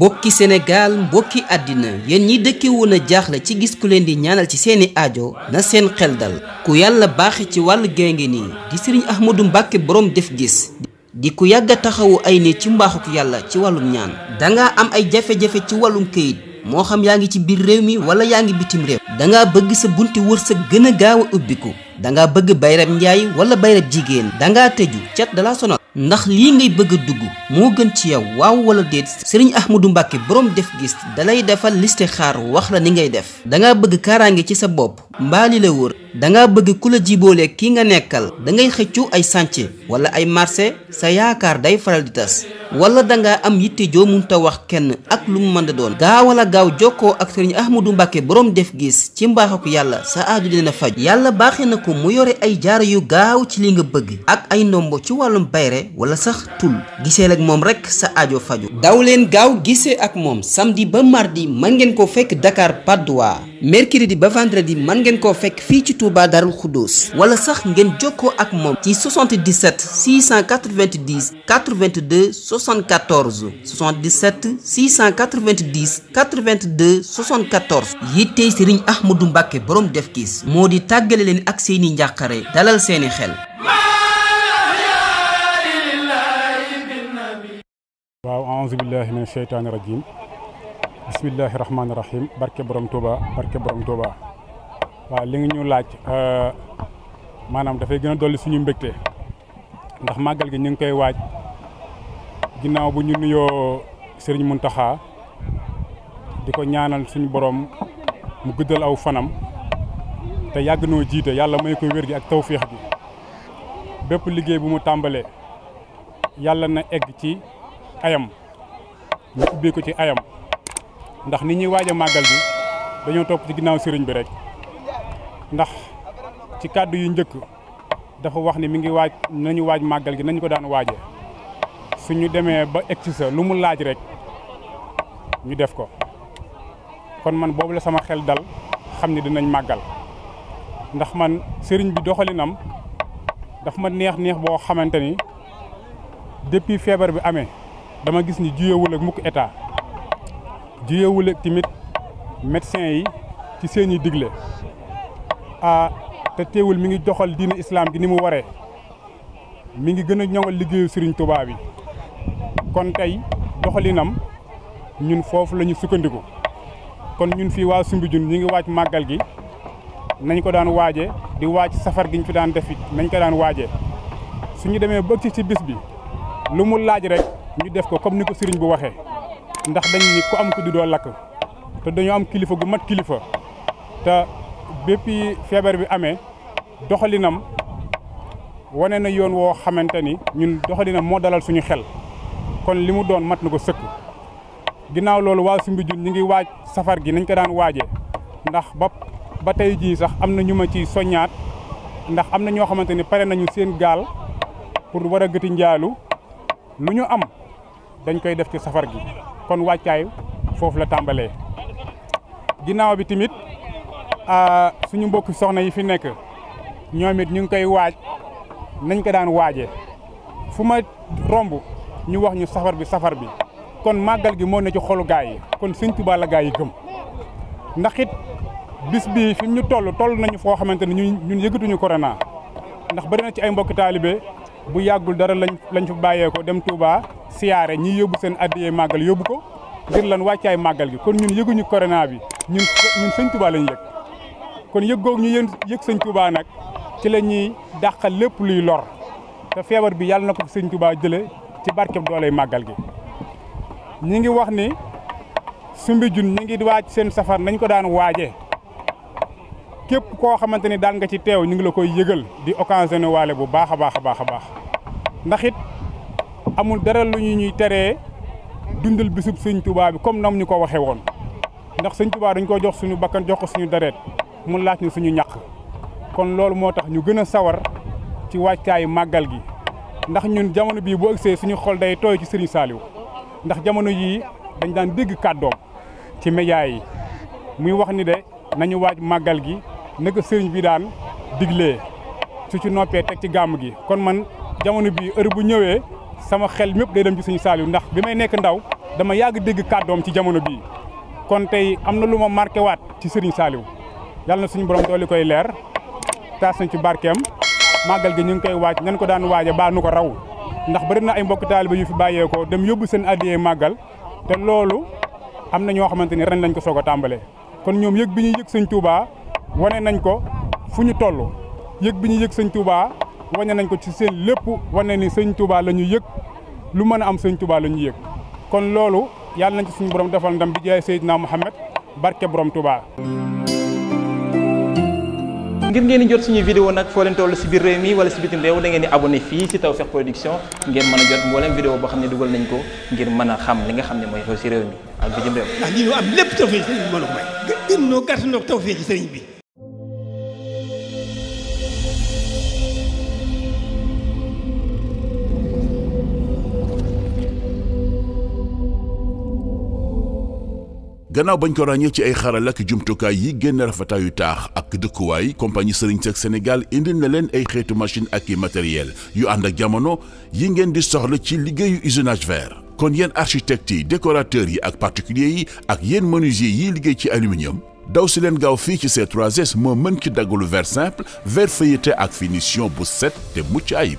mbokki Sénégal mbokki àddina yéen ñi dëkkewoon a jaaxle ci gis ku leen di ñaanal ci seeni aajo na seen xel dal ku yàlla baax ci wàll wàllu génge nii di sëriñ Ahmadou Mbàkke boroom def gis di ku yàgg a taxawu ay nit ci mbaaxuk yàlla ci wàllum ñaan dangaa am ay jafe-jafe ci wàllum këyit moo xam yaa ngi ci biir réew mi wala yaa ngi bitim réew dangaa bëgg sa bunti wërsëg gën a gaaw a ubbiku dangaa bëgg bayrab njaay wala bayrab jigéen dangaa tëju cat dala ndax lii ngay bëgg a dugg moo gën ci yow waaw wala déet sëriñ Ahmadou Mbacke borom def gis dalay defal liste listixaar wax la ni ngay def dangaa bëgg kaaraange ci sa bopp mbaali la wër dangaa bëgg ku la jiboole ki nga nekkal dangay xëccu ay sànce wala ay marché sa yaakaar day faral di tas wala danga am yitte joo munta wax kenn ak lu mu mën a doon gaaw wala gaaw jokkoo ak sëriñ Ahmadou Mbacke borom def gis ci mbaaxu yàlla sa aaju dina faj yàlla baaxee na ko mu yore ay jaaro yu gaaw ci li nga bëgg ay ndombo ci wàllum bayre wala sax tul gisee ak moom rek sa aajo faju daw leen gaaw gisee ak moom samedi ba mardi mën ngeen koo fekk Dakar Patte d'Oie mercredi ba vendredi mën ngeen koo fekk fii ci Touba Darou Khoudoss wala sax ngeen jokkoo ak moom ci 77 690 82 74 77 690 82 74 yittey Serigne Ahmadou Mbacke borom def kiis moo di tàggale leen ak seeni njàqare dalal seeni xel waaw aousubillahi min sheytaani rajim bismillahi rahmaani rahim barke borom Touba barke borom Touba waaw li nga ñu laaj euh, maanaam dafay gën a dolli suñu mbégte ndax màggal gi ñu ngi koy waaj ginnaaw bu ñu nuyoo sëriñ mun taxaa di ko ñaanal suñu borom mu guddal aw fanam te yàgg noo jiite yàlla may ko wér gi ak tawféex gi bépp liggéey bu mu tàmbalee yàlla na egg ci ayam ñu ubbee ko ci ayam ndax nit ñuy waaj màggal bi dañoo topp ci ginnaaw sëriñ bi rek ndax ci kàddu yi njëkk dafa wax ni mi ngi waaj nañu waaj màggal gi nañu ko daan waaje su ñu demee ba egg sa lu mu laaj rek ñu def ko kon man boobu la sama xel dal xam ni dinañ màggal ndax man sëriñ bi doxalinam dafa ma neex neex boo xamante ni depuis feebar bi amee dama gis ni juyewul mukk état juyewul ak tamit médecin yi ci seen i digle a te teewul mi ngi doxal diine islam gi ni mu waree mi ngi gën a ñoŋal liggéeyu Serigne Touba bi kon tey doxalinam ñun foofu la ñu sukkandiku kon ñun fii waa Soumbédioune ñu ngi waaj màggal gi nañ ko daan waaje di waaj safar gi ñu fi daan def it nañ ko daan waaje suñu demee bëgg ci bis bi lu mu laaj rek. ñu def ko comme ni ko sëriñ bu waxee ndax dañ ku am ku di doo lakk te dañoo am kilifa gu mat kilifa te béppi feebar bi amee doxalinam wane na yoon woo xamante ni ñun doxalinam moo dalal suñu xel kon li mu doon mat na ko sëkk ginnaaw loolu waa Soumbédioune ñi ngi waaj safar gi nañ ko daan waaje ndax ba ba tey jii sax am na ñu ma ci soññaat ndax am na ñoo xamante ni pare nañu seen gaal pour war a gëti njaalu lu ñu am dañ koy def ci safar gi kon wàccaay foofu la tàmbalee ginnaaw bi tamit suñu mbokki soxna yi fi nekk ñoom it ñu ngi koy waaj nañ ko daan waaje fu ma romb ñu wax ñu safar bi safar bi kon màggal gi moo na ci xolu gaay yi kon Sëñ Tuubaa la gaay yi gëm ndax it bis bi fi ñu toll toll nañu foo xamante ne ñun ñun yëgatuñu corona ndax bari na ci ay mbokki taalibe bu yàggul dara lañ lañ fa bàyyeekoo dem Touba siyaare ñi yóbbu seen addiyee màggal yóbbu ko ngir lan wàccaay màggal gi kon ñun yëguñu corona bi ñun ñun sëñ Touba lañ kon yëg googu ñu yëg sëñ nag ci la ñuy dàqal lépp luy lor te feebar bi yàlla na ko fi sëñ Touba jële ci barkeb dooley màggal gi ñi ngi wax ni Soumbédioune ñi ngi waaj seen safar nañ ko daan waaje képp koo xamante ni daal nga ci teew ñu ngi la koy yëgal di occasionné waale bu baax a baax a baax baax ndax it amul dara lu ñu ñuy tere dundal bisub sëñ tubaab bi comme nam ñu ko waxee woon ndax sëñ Tuubaa dañ ko jox suñu bakkan jox ko suñu dareet mu laaj ñu suñu ñàq kon loolu moo tax ñu gën a sawar ci wàccaayu màggal gi ndax ñun jamono bii bu ëgsee suñu xol day tooy ci Serigne saaliw ndax jamono yii dañ daan dégg kàddoom ci média yi muy wax ni de nañu waaj màggal gi ne ko sëriñ bi daan diglee su ci noppee teg ci gàmm gi kon man jamono bii heure bu ñëwee sama xel mépp day dem ci suñu Saliou ndax bi may nekk ndaw dama yàgg dégg kàddoom ci jamono bii kon tey am na lu ma marqué waat ci sëriñ saaliw yàlla na suñu borom doole koy leer taas nañ ci barkeem màggal gi ñu ngi koy waaj nañ ko daan waaje baa nu ko raw ndax bari na ay mbokk taaliba yu fi bàyyeekoo dem yóbbu seen addiyee màggal te loolu am na ñoo xamante ni ren lañ ko soog a tàmbalee wane nañ ko fu ñu toll yëg bi ñu yëg sëñ Touba wane nañ ko ci seen lépp wane ni sëñ tubaa la ñu yëg lu mën a am sëñ Touba la ñu yëg kon loolu yàlla nañ ci suñu borom defal ndam bi jaay Seydina Mouhamed barke borom Touba. ngir ngeen di jot suñu vidéo nag foo leen toll si biir réew mi wala si bitim réew da ngeen di abonné fii si Tawfekh Production ngeen mën a jot mboolem vidéo boo xam ne dugal nañ ko ngir mën a xam li nga xam ne mooy xew si réew mi ah, lépp Tawfekh sëriñ bi mën a may. gën noo gàtt noo bi. gannaaw bañ ko ràññee ci ay xaral ak jumtukaay yi génn rafetaayu taax ak dëkkuwaay compagnie Serigne Seck Sénégal indil na leen ay xeetu machine ak i matériel yu ànd ak jamono yi ngeen di soxla ci liggéeyu usinage vert. kon yéen architectes yi décorateur yi ak particuliers yi ak yéen menuisier yiy liggéey ci aluminium daw si leen gaaw fii ci ces 3S moo mën ci daggalu verre simple verre feuilleté ak finition bu set te mucc ayib.